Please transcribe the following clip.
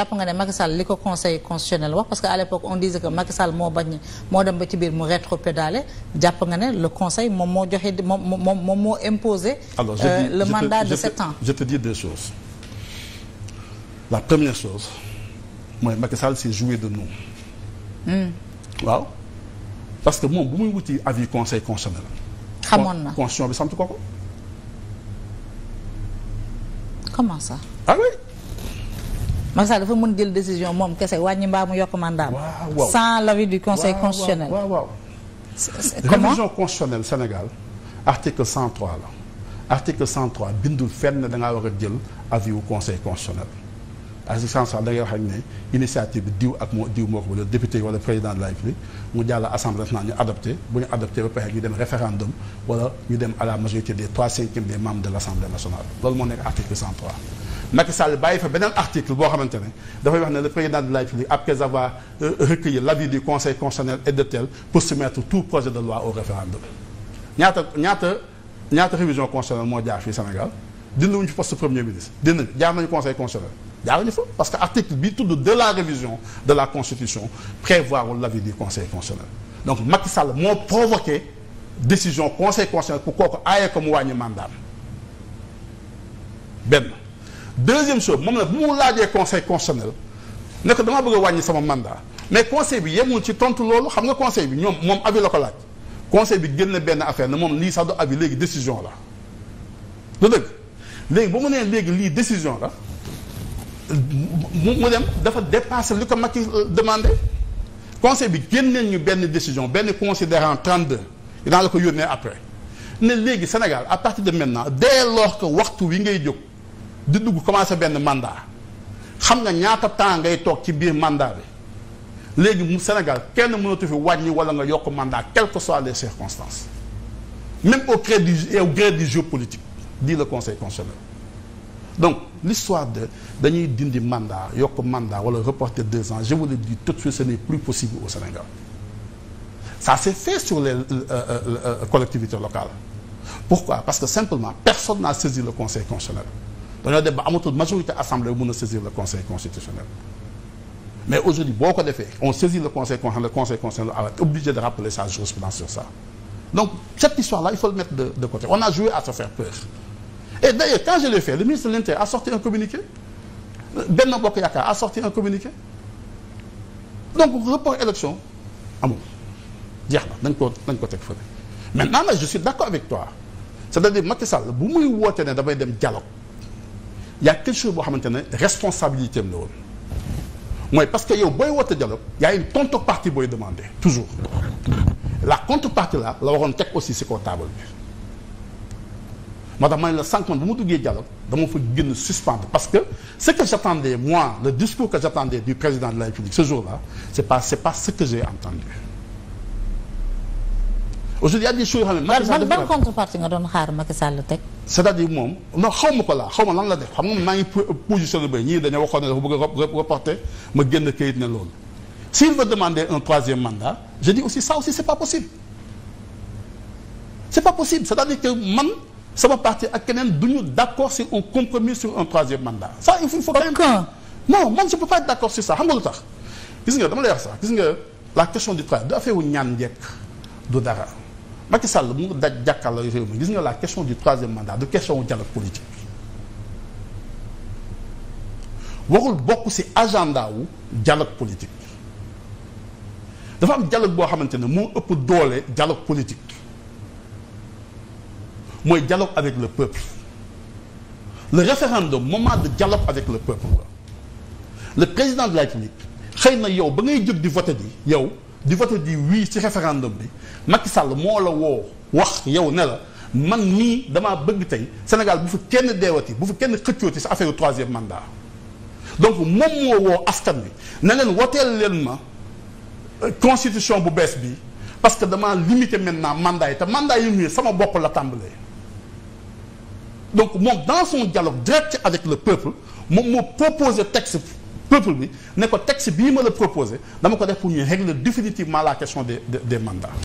jàpp nga ne Macky li ko conseil constitutionnel wax parce que à l'époque on disait que Macky Sall moo bañ moo dem ba ci biir mu rétropédalé jàpp nga ne le conseil moom moo joxe moom moom moom moo imposé. alors euh, le mandat de sept ans. je te dis deux choses la première chose mooy Macky Sall s'est de nous. Hmm. waaw parce que moom bu wuti avis conseil constitutionnel. xamoon na constitution bi sant ko Macky Sall dafa mën jël décision moom kese wàññi mbaa mu yokk mandat sans l'avis du conseil constitutionnel waaw waaw révision constitutionnelle Sénégal article 103 la article 103 bindul fenn da ngaa war a jël avis wu conseil constitutionnel article 103 da ngay wax ak ne initiative bi diw ak moo diw moo ko wala député wala président de la République mu jàll assemblée nationale ñu adopté bu ñu adopté ba dem référendum wala ñu dem à la majorité des trois cinquièmes de l' assemblée nationale loolu moo nekk article 103 Macky Sall bàyyi fa beneen article boo xamante ne dafay wax ne le président de la République après avoir euh, recueilli l'avis du conseil constitutionnel et de tel pour soumettre tout projet de loi au référendum ñaata ñaata ñaata révision constitutionnelle moo jaar fii Sénégal dindiwuñu fi poste premier ministre dinañ jaar nañu conseil constitutionnel jaaruñu fa parce que article bi tudd de la révision de la constitution prévoir l'avis du conseil constitutionnel donc Macky Sall moo provoqué décision conseil constitutionnel pour kooku aaye ko wàññi mandat benn deuxième chose moom nag bu mu laajee conseil constitutionnel ne damaa bëgg wàññi sama mandat mais conseil bi yemul ci tontu loolu xam nga conseil bi ñoom moom avis la ko laaj conseil bi génn benn affaire ne moom lii sax du avis léegi décision la du dëgg léegi ba mu nee léegi lii décision la mu dem dafa dépasser li ko Macky euh, demandé conseil bi génneen ñu benn décision benn considérant 32 dinaa la ko yónnee après ne léegi Sénégal à partir de maintenant dès waxtu wi ngay jóg di dugg commencé benn mandat xam nga ñaata temps ngay toog ci biir mandat bi léegi mu Sénégal kenn mënatu fi wàññi wala nga yokk mandat quelles que soient les circonstances même au gré du au gré du jeu politique dit le conseil constitutionnel donc l'histoire de dañuy dindi mandat yokk mandat wala reporter deux ans je vous le dis tout de suite ce n'est plus possible au Sénégal ça s'est fait sur les euh, euh, euh collectivités locales pourquoi parce que simplement personne n'a saisi le conseil constitutionnel dañoo dem ba amatul majorité assemblée bu mun a saisir le conseil constitutionnel mais aujourd'hui boo ko defee on saisit le conseil constitutionnel le conseil constitutionnel est obligé de rappeler sa jurisprudence sur ça donc cette histoire là il faut le mettre de, de côté on a joué à se faire peur et d'ailleurs quand je l'ai le ministre de a sorti un communiqué Benno Bokk Yakaar a sorti un communiqué donc report élection amul jeex na dañ ko dañ ko teg fële maintenant nag je suis d'accord avec toi c'est-à-dire bu muy woote ne damay dem dialogue y a boo xamante ne responsabilité am la woon mooy parce que yow booy woote dialogue y a une contrepartie booy demander toujours la contrepartie là la waroon teg aussi ci kaw table bi moo tax ma ne la sànq man bu ma duggee dialogue dama fa gën suspendre parce que ce que j'attendais moi le discours que j'attendais du président de la République ce jour-là c'est pas c'est pas ce que j'ai entendu aujourd'hui y a des yoo xam ne. ban ban contrepartie nga doon teg. c'est-à-dire moom non xaw ma ko laa xaw ma lan la def xam nga maa ngi positionné ba ñii dañoo waxoon ne dafa bëgg a reporter ma génn kayit ne loolu s'il veut demande un troisième mandat je dis aussi ça aussi c'est pas possible c'est pas possible c'est-à-dire que man sama parti ak keneen du ñu d'accord sur un compromis sur un troisième mandat ça il faut il faut quand non man je peux pas être d'accord sur ça xam nga lu tax gis nga dama lay wax sax gis nga la question du travail du affaire wu ñaan njekk du dara Macky Sall mu daj jàkkaarloo réew mi gis nga la question du troisième mandat du question wu dialogue politique warul bokk si agenda wu dialogue politique dafa am dialogue boo xamante ne moo ëpp doole dialogue politique mooy dialogue avec le peuple le référendum moment de dialogue avec le peuple la le président de la République xëy na yow ba ngay jóg di voter di yow. di voté di oui ci référendum bi Macky Sall moo la woo wax yow ne la man nii damaa bëgg tey Sénégal bu fi kenn deewati bu fi kenn xëccooti sa affaire troisième mandat donc moom moo woo askan bi ne leen woteel leen ma euh, constitution bu bees bi parce que damaa limité maintenant mandat yi te mandat yi mu sama bopp la tàmbalee donc moom dans son dialogue direct avec le peuple moom moo proposé texte peuple bi ne ko texte bii ma la proposé dama ko def pour ñu régler définitivement la question des des mandats